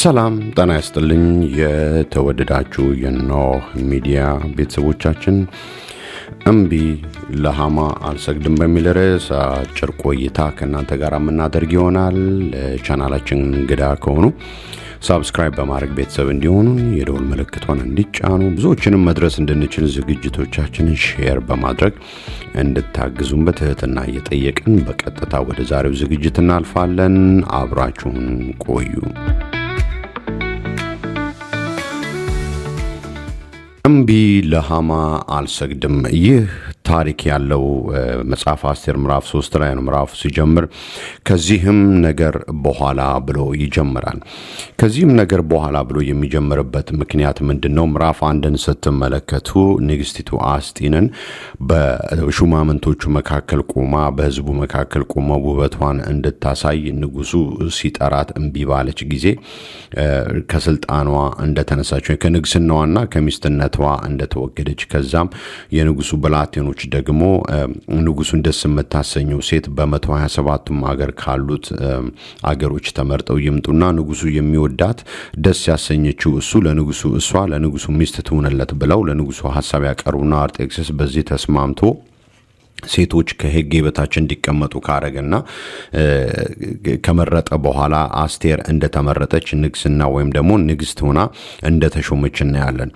ሰላም ጠና ያስጥልኝ የተወደዳችሁ የኖህ ሚዲያ ቤተሰቦቻችን እምቢ ለሃማ አልሰግድም በሚል ርዕስ አጭር ቆይታ ከእናንተ ጋር የምናደርግ ይሆናል። ቻናላችን እንግዳ ከሆኑ ሳብስክራይብ በማድረግ ቤተሰብ እንዲሆኑ የደውል ምልክቷን እንዲጫኑ ብዙዎችንም መድረስ እንድንችል ዝግጅቶቻችንን ሼር በማድረግ እንድታግዙን በትህትና እየጠየቅን በቀጥታ ወደ ዛሬው ዝግጅት እናልፋለን። አብራችሁን ቆዩ። እምቢ ለሃማ አልሰግድም። ይህ ታሪክ ያለው መጽሐፍ አስቴር ምዕራፍ ሶስት ላይ ነው። ምዕራፍ ሲጀምር ከዚህም ነገር በኋላ ብሎ ይጀምራል። ከዚህም ነገር በኋላ ብሎ የሚጀምርበት ምክንያት ምንድን ነው? ምዕራፍ አንድን ስትመለከቱ ንግስቲቱ አስጢንን በሹማምንቶቹ መካከል ቆማ በህዝቡ መካከል ቆመው ውበቷን እንድታሳይ ንጉሱ ሲጠራት እምቢ ባለች ጊዜ ከስልጣኗ እንደተነሳች ከንግስናዋና ከሚስትነቷ እንደተወገደች ከዛም የንጉሱ ብላቴኖች ሴቶች ደግሞ ንጉሱን ደስ የምታሰኘው ሴት በ 127 ሰባቱም አገር ካሉት አገሮች ተመርጠው ይምጡና ንጉሱ የሚወዳት ደስ ያሰኘችው እሱ ለንጉሱ እሷ ለንጉሱ ሚስት ትሁንለት ብለው ለንጉሱ ሀሳብ ያቀርቡና አርጤክስስ በዚህ ተስማምቶ ሴቶች ከህጌ በታች እንዲቀመጡ ካረገና ከመረጠ በኋላ አስቴር እንደተመረጠች ንግስና ወይም ደግሞ ንግስት ሆና እንደተሾመች እናያለን።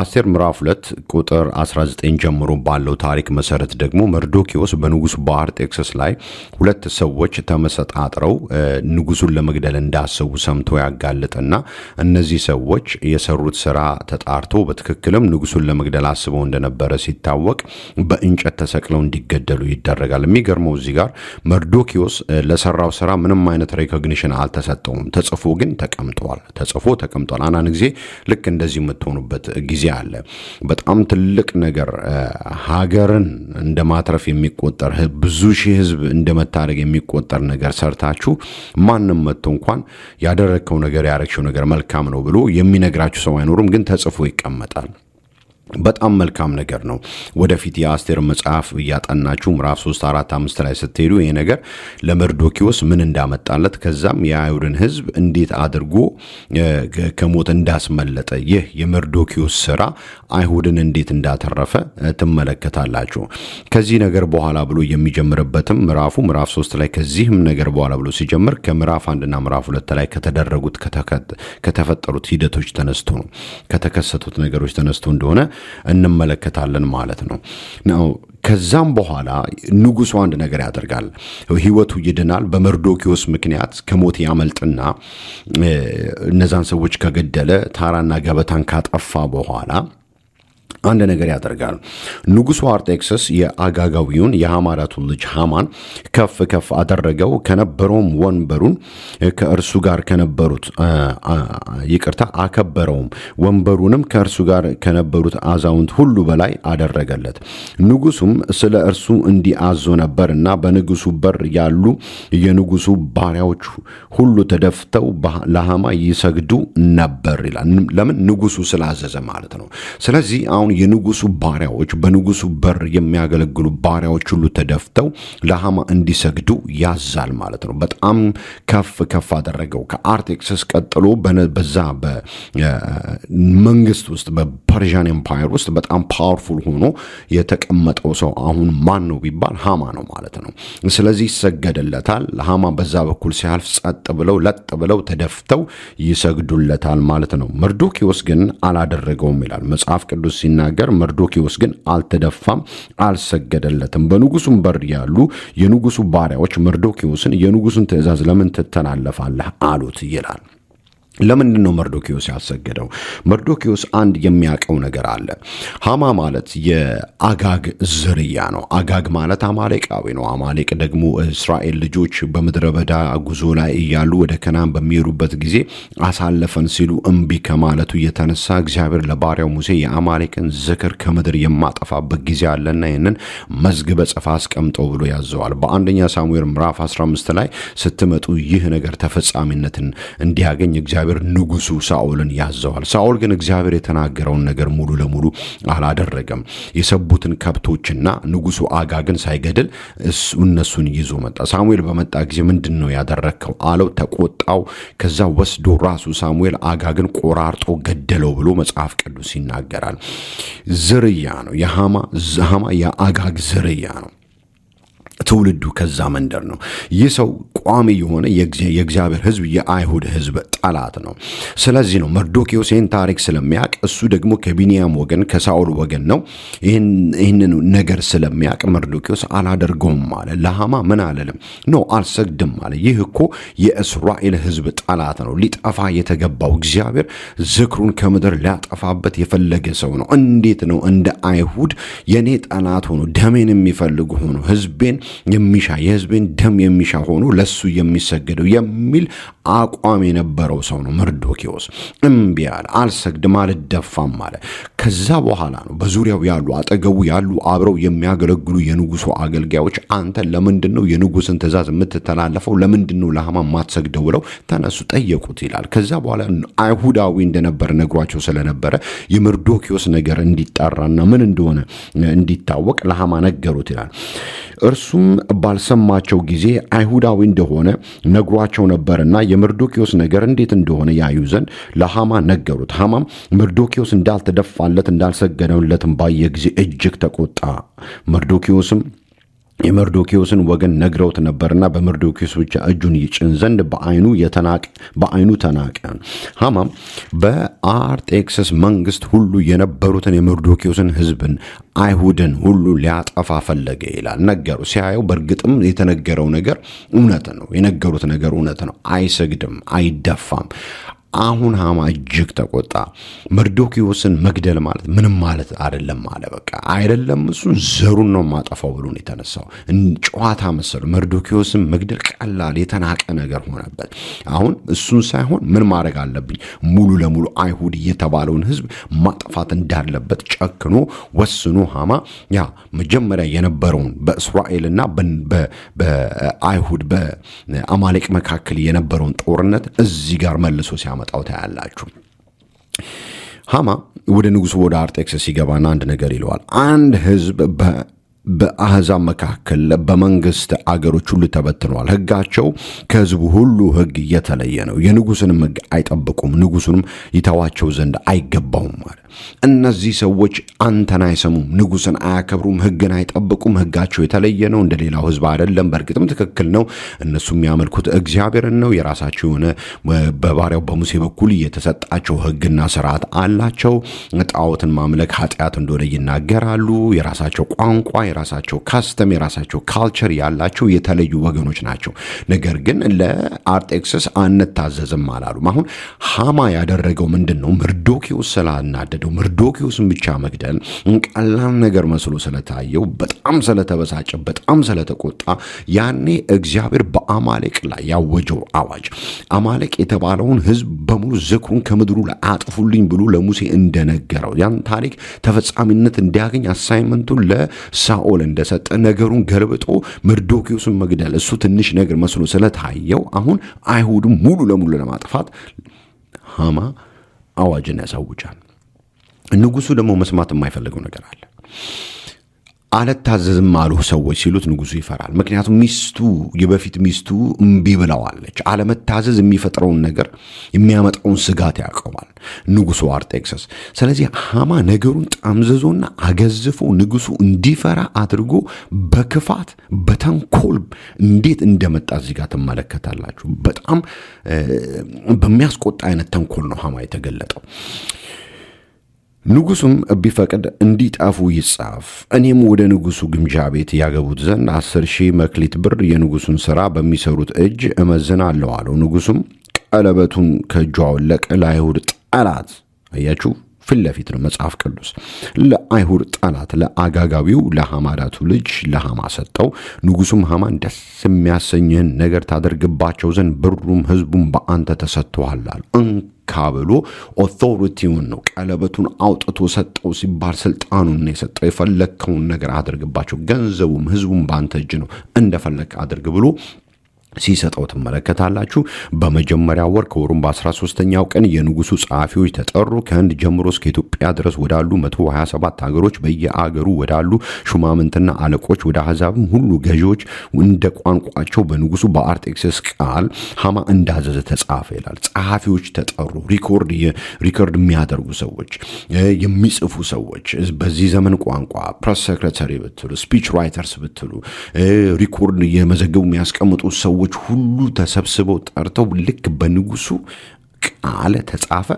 አስቴር ምዕራፍ 2 ቁጥር 19 ጀምሮ ባለው ታሪክ መሰረት ደግሞ መርዶኪዎስ በንጉስ ጤክሰስ ላይ ሁለት ሰዎች ተመሰጣጥረው ንጉሱን ለመግደል እንዳሰቡ ሰምቶ ያጋልጥና እነዚህ ሰዎች የሰሩት ስራ ተጣርቶ በትክክልም ንጉሱን ለመግደል አስበው እንደነበረ ሲታወቅ በእንጨት ተሰቅለው እንዲገደሉ ይደረጋል። የሚገርመው እዚህ ጋር መርዶኪዎስ ለሰራው ስራ ምንም አይነት ሬኮግኒሽን አልተሰጠውም። ተጽፎ ግን ተቀምጧል። ተጽፎ ተቀምጧል። አንዳንድ ጊዜ ልክ እንደዚህ የምትሆኑበት ጊዜ አለ። በጣም ትልቅ ነገር ሀገርን እንደ ማትረፍ የሚቆጠር ብዙ ሺህ ህዝብ እንደ መታደግ የሚቆጠር ነገር ሰርታችሁ ማንም መጥቶ እንኳን ያደረግከው ነገር ያረግሽው ነገር መልካም ነው ብሎ የሚነግራችሁ ሰው አይኖሩም፣ ግን ተጽፎ ይቀመጣል። በጣም መልካም ነገር ነው። ወደፊት የአስቴር መጽሐፍ እያጠናችሁ ምዕራፍ 3 4 5 ላይ ስትሄዱ ይሄ ነገር ለመርዶኪዎስ ምን እንዳመጣለት ከዛም የአይሁድን ሕዝብ እንዴት አድርጎ ከሞት እንዳስመለጠ ይህ የመርዶኪዎስ ስራ አይሁድን እንዴት እንዳተረፈ ትመለከታላችሁ። ከዚህ ነገር በኋላ ብሎ የሚጀምርበትም ምዕራፉ ምዕራፍ 3 ላይ ከዚህም ነገር በኋላ ብሎ ሲጀምር ከምዕራፍ አንድና ምዕራፍ ሁለት ላይ ከተደረጉት ከተፈጠሩት ሂደቶች ተነስቶ ነው ከተከሰቱት ነገሮች ተነስቶ እንደሆነ እንመለከታለን ማለት ነው ከዛም በኋላ ንጉሱ አንድ ነገር ያደርጋል። ህይወቱ ይድናል። በመርዶኪዎስ ምክንያት ከሞት ያመልጥና እነዛን ሰዎች ከገደለ ታራና ገበታን ካጠፋ በኋላ አንድ ነገር ያደርጋል። ንጉሱ አርጤክስስ የአጋጋዊውን የሐማራቱን ልጅ ሐማን ከፍ ከፍ አደረገው፣ ከነበረውም ወንበሩን ከእርሱ ጋር ከነበሩት ይቅርታ፣ አከበረውም፣ ወንበሩንም ከእርሱ ጋር ከነበሩት አዛውንት ሁሉ በላይ አደረገለት። ንጉሱም ስለ እርሱ እንዲህ አዞ ነበር እና በንጉሱ በር ያሉ የንጉሱ ባሪያዎች ሁሉ ተደፍተው ለሐማ ይሰግዱ ነበር ይላል። ለምን? ንጉሱ ስላዘዘ ማለት ነው። ስለዚህ አሁን የንጉሱ ባሪያዎች በንጉሱ በር የሚያገለግሉ ባሪያዎች ሁሉ ተደፍተው ለሃማ እንዲሰግዱ ያዛል ማለት ነው። በጣም ከፍ ከፍ አደረገው። ከአርቴክስስ ቀጥሎ በዛ በመንግስት ውስጥ በፐርዣን ኤምፓየር ውስጥ በጣም ፓወርፉል ሆኖ የተቀመጠው ሰው አሁን ማን ነው ቢባል ሃማ ነው ማለት ነው። ስለዚህ ይሰገድለታል። ሃማ በዛ በኩል ሲያልፍ ጸጥ ብለው ለጥ ብለው ተደፍተው ይሰግዱለታል ማለት ነው። መርዶኪዎስ ግን አላደረገውም ይላል መጽሐፍ ቅዱስ ሲናገር መርዶኪዎስ ግን አልተደፋም፣ አልሰገደለትም። በንጉሱም በር ያሉ የንጉሱ ባሪያዎች መርዶኪዎስን የንጉሱን ትእዛዝ ለምን ትተላለፋለህ? አሉት ይላል። ለምንድን ነው መርዶኪዮስ ያሰገደው መርዶኪዮስ አንድ የሚያውቀው ነገር አለ። ሃማ ማለት የአጋግ ዝርያ ነው። አጋግ ማለት አማሌቃዊ ነው። አማሌቅ ደግሞ እስራኤል ልጆች በምድረ በዳ ጉዞ ላይ እያሉ ወደ ከናን በሚሄዱበት ጊዜ አሳለፈን ሲሉ እምቢ ከማለቱ የተነሳ እግዚአብሔር ለባሪያው ሙሴ የአማሌቅን ዝክር ከምድር የማጠፋበት ጊዜ አለና ይህንን መዝግበ ጽፋ አስቀምጠው ብሎ ያዘዋል። በአንደኛ ሳሙኤል ምዕራፍ 15 ላይ ስትመጡ ይህ ነገር ተፈጻሚነትን እንዲያገኝ እግዚአብሔር እግዚአብሔር ንጉሱ ሳኦልን ያዘዋል። ሳኦል ግን እግዚአብሔር የተናገረውን ነገር ሙሉ ለሙሉ አላደረገም። የሰቡትን ከብቶችና ንጉሱ አጋግን ሳይገድል እነሱን ይዞ መጣ። ሳሙኤል በመጣ ጊዜ ምንድን ነው ያደረግከው አለው። ተቆጣው። ከዛ ወስዶ ራሱ ሳሙኤል አጋግን ቆራርጦ ገደለው ብሎ መጽሐፍ ቅዱስ ይናገራል። ዝርያ ነው የሃማ ሃማ የአጋግ ዝርያ ነው። ትውልዱ ከዛ መንደር ነው። ይህ ሰው ቋሚ የሆነ የእግዚአብሔር ህዝብ የአይሁድ ህዝብ ጠላት ነው። ስለዚህ ነው መርዶኪዮስን ታሪክ ስለሚያውቅ፣ እሱ ደግሞ ከቢንያም ወገን ከሳኦል ወገን ነው። ይህንን ነገር ስለሚያውቅ መርዶኪዮስ አላደርገውም አለ። ለሃማ ምን አለልም ኖ አልሰግድም አለ። ይህ እኮ የእስራኤል ህዝብ ጠላት ነው፣ ሊጠፋ የተገባው እግዚአብሔር ዝክሩን ከምድር ሊያጠፋበት የፈለገ ሰው ነው። እንዴት ነው እንደ አይሁድ የኔ ጠላት ሆኖ ደሜን የሚፈልጉ ሆኖ ህዝቤን የሚሻ የህዝቤን ደም የሚሻ ሆኖ ለሱ ለእሱ የሚሰገደው የሚል አቋም የነበረው ሰው ነው መርዶኪዎስ። እምቢ አለ፣ አልሰግድም፣ አልደፋም አለ። ከዛ በኋላ ነው በዙሪያው ያሉ አጠገቡ ያሉ አብረው የሚያገለግሉ የንጉሱ አገልጋዮች አንተ ለምንድን ነው የንጉስን ትእዛዝ የምትተላለፈው? ለምንድን ነው ለሐማ ማትሰግደው? ብለው ተነሱ ጠየቁት ይላል። ከዛ በኋላ አይሁዳዊ እንደነበር ነግሯቸው ስለነበረ የመርዶኪዎስ ነገር እንዲጣራና ምን እንደሆነ እንዲታወቅ ለሐማ ነገሩት ይላል። እርሱም ባልሰማቸው ጊዜ አይሁዳዊ እንደ እንደሆነ ነግሯቸው ነበርና የምርዶኪዎስ ነገር እንዴት እንደሆነ ያዩ ዘንድ ለሃማ ነገሩት። ሃማም ምርዶኪዎስ እንዳልተደፋለት እንዳልሰገደለትም ባየ ጊዜ እጅግ ተቆጣ። ምርዶኪዎስም የመርዶኪዎስን ወገን ነግረውት ነበርና በመርዶኪዎስ ብቻ እጁን ይጭን ዘንድ በአይኑ ተናቀ። ሃማም በአርጤክስስ መንግስት ሁሉ የነበሩትን የመርዶኪዎስን ህዝብን አይሁድን ሁሉ ሊያጠፋ ፈለገ ይላል። ነገሩ ሲያየው በእርግጥም የተነገረው ነገር እውነት ነው። የነገሩት ነገር እውነት ነው። አይሰግድም፣ አይደፋም፣ አሁን ሃማ እጅግ ተቆጣ። መርዶኪዎስን መግደል ማለት ምንም ማለት አይደለም አለ። በቃ አይደለም እሱን ዘሩን ነው ማጠፋው ብሎ ነው የተነሳው። ጨዋታ መሰሉ። መርዶኪዎስን መግደል ቀላል የተናቀ ነገር ሆነበት። አሁን እሱን ሳይሆን ምን ማድረግ አለብኝ ሙሉ ለሙሉ አይሁድ የተባለውን ህዝብ ማጥፋት እንዳለበት ጨክኖ ወስኖ ሃማ ያ መጀመሪያ የነበረውን በእስራኤልና በአይሁድ በአማሌቅ መካከል የነበረውን ጦርነት እዚህ ጋር መልሶ ሲያመ ሲያወጣው ታያላችሁ። ሃማ ወደ ንጉሱ ወደ አርጤክስ ሲገባና አንድ ነገር ይለዋል። አንድ ህዝብ በአህዛብ መካከል በመንግስት አገሮች ሁሉ ተበትነዋል። ህጋቸው ከህዝቡ ሁሉ ህግ እየተለየ ነው። የንጉስንም ህግ አይጠብቁም፣ ንጉሱንም ይተዋቸው ዘንድ አይገባውም አለ። እነዚህ ሰዎች አንተን አይሰሙም፣ ንጉስን አያከብሩም፣ ህግን አይጠብቁም። ህጋቸው የተለየ ነው፣ እንደ ሌላው ህዝብ አይደለም። በእርግጥም ትክክል ነው። እነሱ የሚያመልኩት እግዚአብሔርን ነው። የራሳቸው የሆነ በባሪያው በሙሴ በኩል የተሰጣቸው ህግና ስርዓት አላቸው። ጣዖትን ማምለክ ኃጢአት እንደሆነ ይናገራሉ። የራሳቸው ቋንቋ የራሳቸው ካስተም የራሳቸው ካልቸር ያላቸው የተለዩ ወገኖች ናቸው። ነገር ግን ለአርጤክስስ አንታዘዝም አላሉም። አሁን ሃማ ያደረገው ምንድን ነው? ምርዶኪዎስ ስላናደደው ምርዶኪዎስን ብቻ መግደል ቀላል ነገር መስሎ ስለታየው በጣም ስለተበሳጨ በጣም ስለተቆጣ ያኔ እግዚአብሔር በአማሌቅ ላይ ያወጀው አዋጅ አማሌቅ የተባለውን ህዝብ በሙሉ ዝክሩን ከምድሩ ላይ አጥፉልኝ ብሎ ለሙሴ እንደነገረው ያን ታሪክ ተፈጻሚነት እንዲያገኝ አሳይመንቱን ለሳኦ ሳኦል እንደሰጠ ነገሩን ገልብጦ መርዶኪዎስን መግደል እሱ ትንሽ ነገር መስሎ ስለታየው አሁን አይሁድም ሙሉ ለሙሉ ለማጥፋት ሃማ አዋጅን ያሳውጫል። ንጉሱ ደግሞ መስማት የማይፈልገው ነገር አለ። አልታዘዝም አሉህ ሰዎች ሲሉት ንጉሱ ይፈራል። ምክንያቱም ሚስቱ የበፊት ሚስቱ እምቢ ብለዋለች። አለመታዘዝ የሚፈጥረውን ነገር የሚያመጣውን ስጋት ያውቀዋል ንጉሱ አርጤክሰስ። ስለዚህ ሐማ ነገሩን ጠምዝዞና አገዝፎ ንጉሱ እንዲፈራ አድርጎ በክፋት በተንኮል እንዴት እንደመጣ እዚህ ጋር ትመለከታላችሁ። በጣም በሚያስቆጣ አይነት ተንኮል ነው ሃማ የተገለጠው። ንጉሱም ቢፈቅድ እንዲጣፉ ይጻፍ። እኔም ወደ ንጉሱ ግምጃ ቤት ያገቡት ዘንድ አስር ሺህ መክሊት ብር የንጉሱን ሥራ በሚሰሩት እጅ እመዝናለሁ አለው። ንጉሱም ቀለበቱን ከእጁ አወለቀ። ለአይሁድ ጠላት አያችሁ፣ ፊት ለፊት ነው መጽሐፍ ቅዱስ። ለአይሁድ ጠላት ለአጋጋቢው ለሐማዳቱ ልጅ ለሐማ ሰጠው። ንጉሱም ሐማን ደስ የሚያሰኝህን ነገር ታደርግባቸው ዘንድ ብሩም ህዝቡም በአንተ ተሰጥቶሃል አሉ። እንካ ብሎ ኦቶሪቲውን ነው ቀለበቱን አውጥቶ ሰጠው ሲባል ስልጣኑን ነው የሰጠው የፈለግከውን ነገር አድርግባቸው፣ ገንዘቡም ህዝቡም በአንተ እጅ ነው፣ እንደፈለግ አድርግ ብሎ ሲሰጠው ትመለከታላችሁ። በመጀመሪያ ወር ከወሩም በ13ኛው ቀን የንጉሱ ጸሐፊዎች ተጠሩ። ከህንድ ጀምሮ እስከ ኢትዮጵያ ድረስ ወዳሉ 127 ሀገሮች በየአገሩ ወዳሉ ሹማምንትና አለቆች ወደ አሕዛብም ሁሉ ገዢዎች እንደ ቋንቋቸው በንጉሱ በአርጤክስስ ቃል ሀማ እንዳዘዘ ተጻፈ ይላል። ጸሐፊዎች ተጠሩ። ሪኮርድ ሪኮርድ የሚያደርጉ ሰዎች፣ የሚጽፉ ሰዎች በዚህ ዘመን ቋንቋ ፕሬስ ሴክሬታሪ ብትሉ፣ ስፒች ራይተርስ ብትሉ፣ ሪኮርድ የመዘገቡ የሚያስቀምጡ ሰዎች ሰዎች ሁሉ ተሰብስበው ጠርተው ልክ በንጉሱ ቃለ ተጻፈ።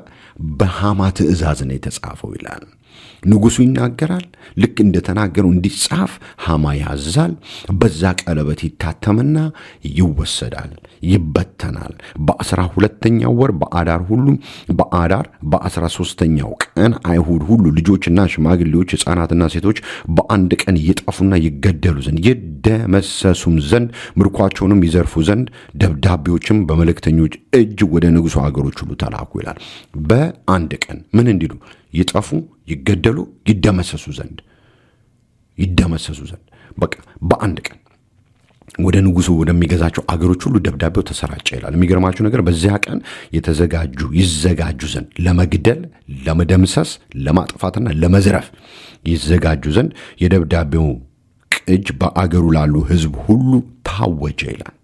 በሃማ ትእዛዝ ነው የተጻፈው ይላል። ንጉሱ ይናገራል። ልክ እንደተናገረው እንዲጻፍ ሃማ ያዛል። በዛ ቀለበት ይታተምና ይወሰዳል፣ ይበተናል። በአስራ ሁለተኛው ወር በአዳር ሁሉ በአዳር በአስራ ሶስተኛው ቀን አይሁድ ሁሉ ልጆችና ሽማግሌዎች፣ ሕፃናትና ሴቶች በአንድ ቀን ይጠፉና ይገደሉ ዘንድ ይደመሰሱም ዘንድ ምርኳቸውንም ይዘርፉ ዘንድ ደብዳቤዎችም በመልእክተኞች እጅ ወደ ንጉሱ አገሮች ሁሉ ተላኩ ይላል። በአንድ ቀን ምን እንዲሉ ይጠፉ፣ ይገደሉ፣ ይደመሰሱ ዘንድ ይደመሰሱ ዘንድ በቃ በአንድ ቀን ወደ ንጉሱ ወደሚገዛቸው አገሮች ሁሉ ደብዳቤው ተሰራጨ ይላል። የሚገርማችሁ ነገር በዚያ ቀን የተዘጋጁ ይዘጋጁ ዘንድ ለመግደል፣ ለመደምሰስ፣ ለማጥፋትና ለመዝረፍ ይዘጋጁ ዘንድ የደብዳቤው እጅ በአገሩ ላሉ ሕዝብ ሁሉ ታወጀ ይላል።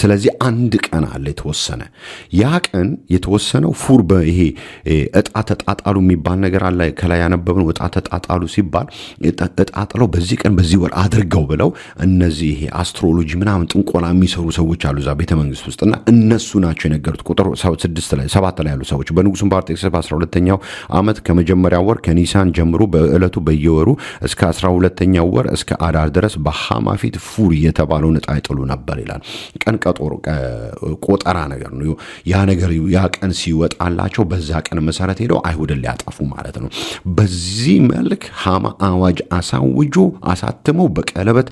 ስለዚህ አንድ ቀን አለ የተወሰነ። ያ ቀን የተወሰነው ፉር በይሄ እጣ ተጣጣሉ የሚባል ነገር አለ። ከላይ ያነበብነው እጣ ተጣጣሉ ሲባል እጣጥለው በዚህ ቀን በዚህ ወር አድርገው ብለው እነዚህ ይሄ አስትሮሎጂ ምናምን ጥንቆላ የሚሰሩ ሰዎች አሉ እዛ ቤተ መንግስት ውስጥና እነሱ ናቸው የነገሩት። ቁጥር ስድስት ላይ ሰባት ላይ ያሉ ሰዎች በንጉሱም በአርጤክስስ በአስራ ሁለተኛው ዓመት ከመጀመሪያ ወር ከኒሳን ጀምሮ በዕለቱ በየወሩ እስከ አስራ ሁለተኛው ወር እስከ አዳር ድረስ በሐማ ፊት ፉር የተባለውን እጣ ይጥሉ ነበር ይላል ቀን ቀጠሮ ቆጠራ ነገር ነው። ያ ነገር ያ ቀን ሲወጣላቸው በዛ ቀን መሰረት ሄደው አይሁድን ሊያጠፉ ማለት ነው። በዚህ መልክ ሃማ አዋጅ አሳውጆ አሳትመው በቀለበት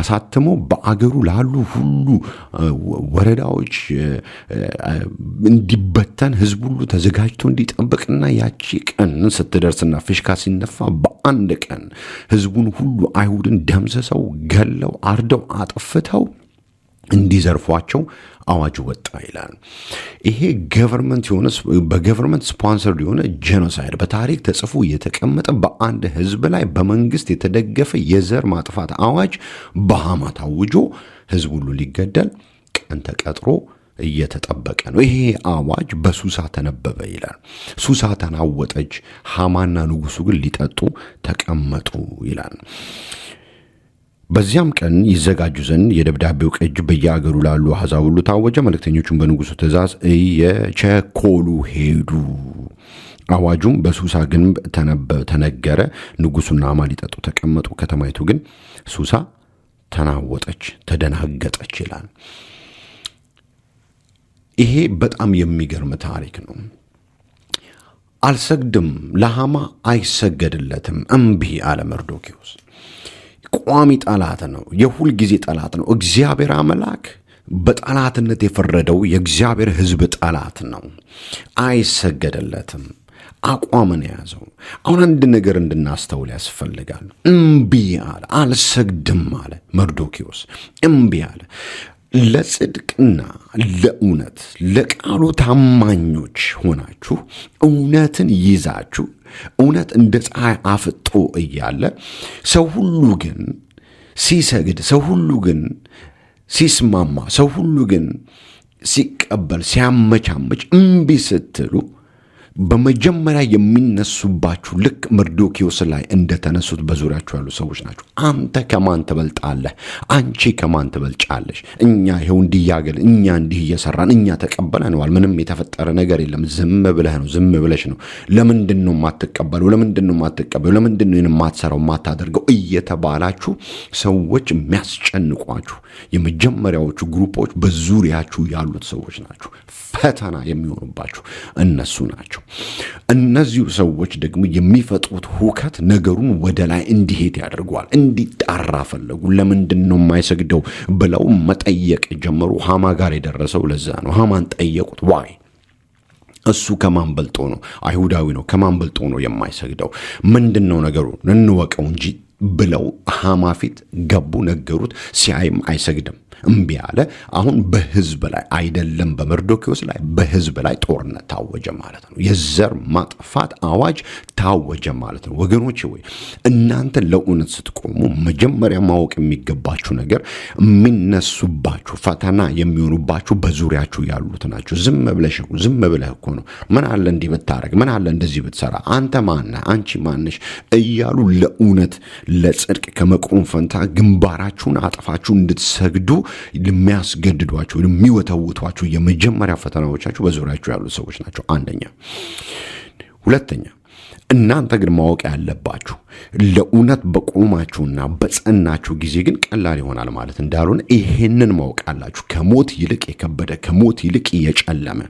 አሳትመው በአገሩ ላሉ ሁሉ ወረዳዎች እንዲበተን ህዝብ ሁሉ ተዘጋጅቶ እንዲጠብቅና ያቺ ቀን ስትደርስና ፊሽካ ሲነፋ በአንድ ቀን ህዝቡን ሁሉ አይሁድን ደምስሰው ገለው አርደው አጥፍተው እንዲዘርፏቸው አዋጅ ወጣ ይላል። ይሄ ገቨርንመንት የሆነ በገቨርንመንት ስፖንሰርድ የሆነ ጄኖሳይድ በታሪክ ተጽፎ የተቀመጠ በአንድ ህዝብ ላይ በመንግስት የተደገፈ የዘር ማጥፋት አዋጅ በሃማ ታውጆ ህዝብ ሁሉ ሊገደል ቀን ተቀጥሮ እየተጠበቀ ነው። ይሄ አዋጅ በሱሳ ተነበበ ይላል። ሱሳ ተናወጠች፣ ሃማና ንጉሱ ግን ሊጠጡ ተቀመጡ ይላል። በዚያም ቀን ይዘጋጁ ዘንድ የደብዳቤው ቅጅ በየአገሩ ላሉ አሕዛብ ሁሉ ታወጀ። መልእክተኞቹም በንጉሱ ትእዛዝ እየቸኮሉ ሄዱ። አዋጁም በሱሳ ግንብ ተነገረ። ንጉሱና አማ ሊጠጡ ተቀመጡ። ከተማይቱ ግን ሱሳ ተናወጠች፣ ተደናገጠች ይላል። ይሄ በጣም የሚገርም ታሪክ ነው። አልሰግድም ለሐማ አይሰገድለትም፣ እምቢ አለ መርዶኪዎስ። ቋሚ ጠላት ነው። የሁል ጊዜ ጠላት ነው። እግዚአብሔር አምላክ በጠላትነት የፈረደው የእግዚአብሔር ሕዝብ ጠላት ነው። አይሰገደለትም። አቋምን የያዘው አሁን አንድ ነገር እንድናስተውል ያስፈልጋል። እምቢ አለ፣ አልሰግድም አለ መርዶኪዎስ። እምቢ አለ። ለጽድቅና ለእውነት ለቃሉ ታማኞች ሆናችሁ እውነትን ይዛችሁ እውነት እንደ ፀሐይ አፍጦ እያለ ሰው ሁሉ ግን ሲሰግድ፣ ሰው ሁሉ ግን ሲስማማ፣ ሰው ሁሉ ግን ሲቀበል፣ ሲያመቻመች እምቢ ስትሉ በመጀመሪያ የሚነሱባችሁ ልክ መርዶኪዎስ ላይ እንደተነሱት በዙሪያችሁ ያሉ ሰዎች ናቸው። አንተ ከማን ትበልጣለህ? አንቺ ከማን ትበልጫለሽ? እኛ ይኸው እንዲያገል እኛ እንዲህ እየሰራን እኛ ተቀበለነዋል። ምንም የተፈጠረ ነገር የለም። ዝም ብለህ ነው ዝም ብለሽ ነው። ለምንድን ነው የማትቀበለው? ለምንድን ነው ማትሰራው ለምንድን ነው የማትሰራው የማታደርገው? እየተባላችሁ ሰዎች የሚያስጨንቋችሁ የመጀመሪያዎቹ ግሩፖች በዙሪያችሁ ያሉት ሰዎች ናቸው። ፈተና የሚሆኑባችሁ እነሱ ናቸው። እነዚሁ ሰዎች ደግሞ የሚፈጥሩት ሁከት ነገሩን ወደ ላይ እንዲሄድ ያደርገዋል። እንዲጣራ ፈለጉ። ለምንድን ነው የማይሰግደው ብለው መጠየቅ ጀመሩ ሃማ ጋር የደረሰው ለዛ ነው። ሃማን ጠየቁት ዋይ እሱ ከማን በልጦ ነው? አይሁዳዊ ነው። ከማን በልጦ ነው የማይሰግደው? ምንድን ነው ነገሩ? እንወቀው እንጂ ብለው ሃማ ፊት ገቡ፣ ነገሩት። ሲያይም አይሰግድም እምቢ አለ። አሁን በህዝብ ላይ አይደለም በመርዶኪዎስ ላይ በህዝብ ላይ ጦርነት ታወጀ ማለት ነው። የዘር ማጥፋት አዋጅ ታወጀ ማለት ነው። ወገኖች ወይ እናንተ ለእውነት ስትቆሙ መጀመሪያ ማወቅ የሚገባችሁ ነገር የሚነሱባችሁ ፈተና የሚሆኑባችሁ በዙሪያችሁ ያሉት ናቸው። ዝም ብለሽ ዝም ብለህ እኮ ነው ምን አለ እንዲህ ብታረግ፣ ምን አለ እንደዚህ ብትሰራ፣ አንተ ማነህ፣ አንቺ ማነሽ እያሉ ለእውነት ለጽድቅ ከመቆም ፈንታ ግንባራችሁን አጥፋችሁ እንድትሰግዱ ለሚያስገድዷቸው የሚወተውቷቸው የመጀመሪያ ፈተናዎቻችሁ በዙሪያችሁ ያሉ ሰዎች ናቸው። አንደኛ። ሁለተኛ እናንተ ግን ማወቅ ያለባችሁ ለእውነት በቆማችሁና በጸናችሁ ጊዜ ግን ቀላል ይሆናል ማለት እንዳልሆነ ይሄንን ማወቅ አላችሁ። ከሞት ይልቅ የከበደ ከሞት ይልቅ የጨለመ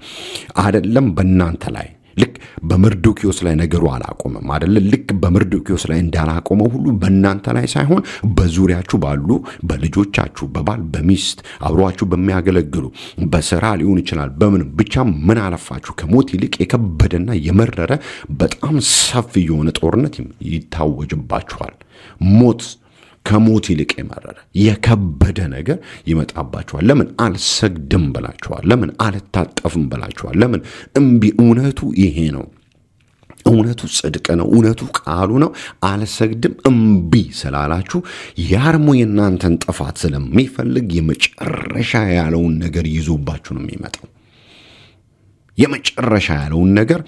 አይደለም በእናንተ ላይ ልክ በመርዶኪዎስ ላይ ነገሩ አላቆመም አደለ? ልክ በመርዶኪዎስ ላይ እንዳላቆመው ሁሉ በእናንተ ላይ ሳይሆን በዙሪያችሁ ባሉ በልጆቻችሁ፣ በባል በሚስት አብሯችሁ በሚያገለግሉ በስራ ሊሆን ይችላል። በምን ብቻ ምን አለፋችሁ ከሞት ይልቅ የከበደና የመረረ በጣም ሰፊ የሆነ ጦርነት ይታወጅባችኋል ሞት ከሞት ይልቅ የመረረ የከበደ ነገር ይመጣባችኋል። ለምን አልሰግድም ብላችኋል? ለምን አልታጠፍም ብላችኋል? ለምን እምቢ? እውነቱ ይሄ ነው። እውነቱ ጽድቅ ነው። እውነቱ ቃሉ ነው። አልሰግድም እምቢ ስላላችሁ ያርሞ የእናንተን ጥፋት ስለሚፈልግ የመጨረሻ ያለውን ነገር ይዞባችሁ ነው የሚመጣው። የመጨረሻ ያለውን ነገር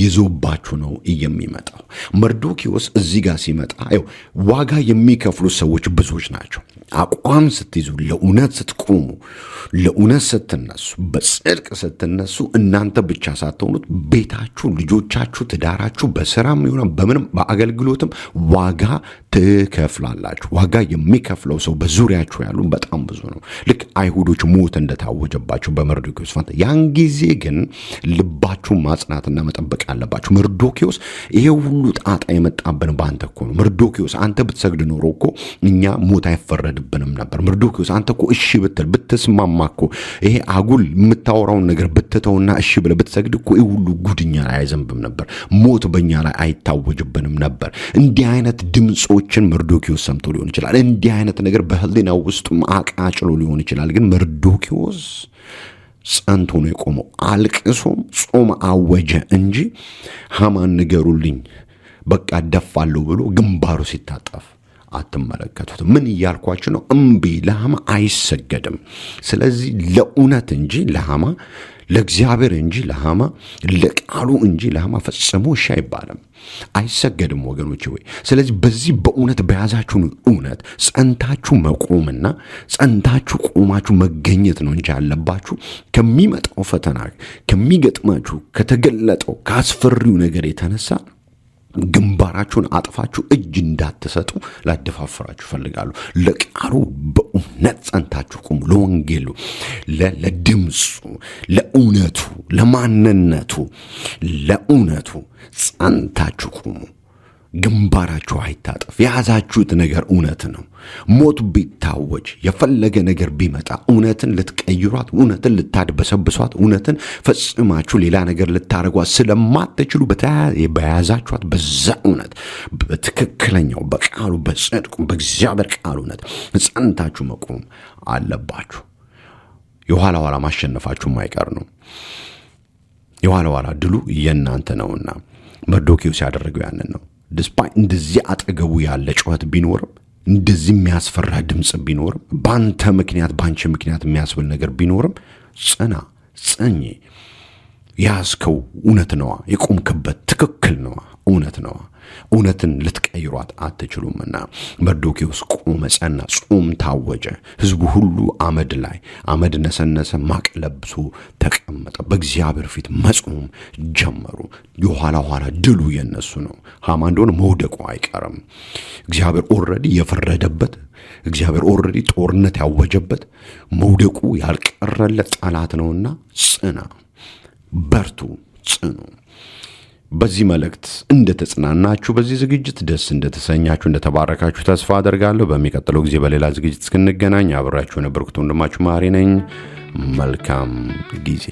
ይዞባችሁ ነው የሚመጣው። መርዶኪዎስ እዚህ ጋር ሲመጣ ይኸው ዋጋ የሚከፍሉ ሰዎች ብዙዎች ናቸው። አቋም ስትይዙ፣ ለእውነት ስትቆሙ፣ ለእውነት ስትነሱ፣ በጽድቅ ስትነሱ እናንተ ብቻ ሳትሆኑት ቤታችሁ፣ ልጆቻችሁ፣ ትዳራችሁ በስራም ሆነ በምንም በአገልግሎትም ዋጋ ትከፍላላችሁ። ዋጋ የሚከፍለው ሰው በዙሪያችሁ ያሉ በጣም ብዙ ነው። ልክ አይሁዶች ሞት እንደታወጀባቸው በመርዶኪዎስ ፋንታ ያን ጊዜ ግን ልባችሁን ማጽናትና መጠበቅ ያለባችሁ። መርዶኪዎስ ይሄ ሁሉ ጣጣ የመጣብን በአንተ እኮ ነው። መርዶኪዎስ አንተ ብትሰግድ ኖሮ እኮ እኛ ሞት አይፈረድብንም ነበር። መርዶኪዎስ አንተ እኮ እሺ ብትል ብትስማማ እኮ ይሄ አጉል የምታወራውን ነገር ብትተውና እሺ ብለህ ብትሰግድ እኮ ይህ ሁሉ ጉድኛ ላይ አይዘንብም ነበር። ሞት በእኛ ላይ አይታወጅብንም ነበር። እንዲህ አይነት ድምፆችን መርዶኪዎስ ሰምቶ ሊሆን ይችላል። እንዲህ አይነት ነገር በህሊናው ውስጥ ማቃጭሎ ሊሆን ይችላል። ግን መርዶኪዎስ ጸንቶ ነው የቆመው። አልቅሶም ጾም አወጀ እንጂ ሀማን ንገሩልኝ በቃ ደፋለሁ ብሎ ግንባሩ ሲታጠፍ አትመለከቱት። ምን እያልኳችሁ ነው? እምቢ ለሐማ አይሰገድም። ስለዚህ ለእውነት እንጂ ለሐማ ለእግዚአብሔር እንጂ ለሐማ ለቃሉ እንጂ ለሐማ ፈጽሞ እሺ አይባልም፣ አይሰገድም ወገኖች ወይ። ስለዚህ በዚህ በእውነት በያዛችሁን እውነት ጸንታችሁ መቆምና ጸንታችሁ ቆማችሁ መገኘት ነው እንጂ ያለባችሁ ከሚመጣው ፈተና ከሚገጥማችሁ ከተገለጠው ከአስፈሪው ነገር የተነሳ ግንባራችሁን አጥፋችሁ እጅ እንዳትሰጡ ላደፋፍራችሁ ይፈልጋሉ ለቃሉ በእውነት ጸንታችሁ ቁሙ። ለወንጌሉ፣ ለድምፁ፣ ለእውነቱ፣ ለማንነቱ፣ ለእውነቱ ጸንታችሁ ቁሙ። ግንባራችሁ አይታጠፍ። የያዛችሁት ነገር እውነት ነው። ሞት ቢታወጅ፣ የፈለገ ነገር ቢመጣ እውነትን ልትቀይሯት፣ እውነትን ልታድበሰብሷት፣ እውነትን ፈጽማችሁ ሌላ ነገር ልታደርጓት ስለማትችሉ በያዛችኋት በዛ እውነት በትክክለኛው በቃሉ በጽድቁ በእግዚአብሔር ቃል እውነት ጸንታችሁ መቆም አለባችሁ። የኋላ ኋላ ማሸነፋችሁ ማይቀር ነው። የኋላ ኋላ ድሉ የእናንተ ነውና መርዶኪዎስ ያደረገው ያንን ነው። ድስፓይ እንደዚህ አጠገቡ ያለ ጩኸት ቢኖርም እንደዚህ የሚያስፈራ ድምፅ ቢኖርም በአንተ ምክንያት በአንቺ ምክንያት የሚያስብል ነገር ቢኖርም ጽና፣ ጽኝ። ያዝከው እውነት ነዋ። የቆምክበት ትክክል ነዋ፣ እውነት ነዋ። እውነትን ልትቀይሯት አትችሉምና። መርዶኪዎስ ቆመ፣ ጸና፣ ጾም ታወጀ። ህዝቡ ሁሉ አመድ ላይ አመድ ነሰነሰ፣ ማቅ ለብሶ ተቀመጠ። በእግዚአብሔር ፊት መጾም ጀመሩ። የኋላ ኋላ ድሉ የነሱ ነው። ሃማ እንደሆነ መውደቁ አይቀርም። እግዚአብሔር ኦልሬዲ የፈረደበት እግዚአብሔር ኦልሬዲ ጦርነት ያወጀበት መውደቁ ያልቀረለት ጠላት ነውና፣ ጽና፣ በርቱ፣ ጽኑ። በዚህ መልእክት እንደተጽናናችሁ፣ በዚህ ዝግጅት ደስ እንደተሰኛችሁ፣ እንደተባረካችሁ ተስፋ አደርጋለሁ። በሚቀጥለው ጊዜ በሌላ ዝግጅት እስክንገናኝ አብራችሁ የነበርኩት ወንድማችሁ ማሪ ነኝ። መልካም ጊዜ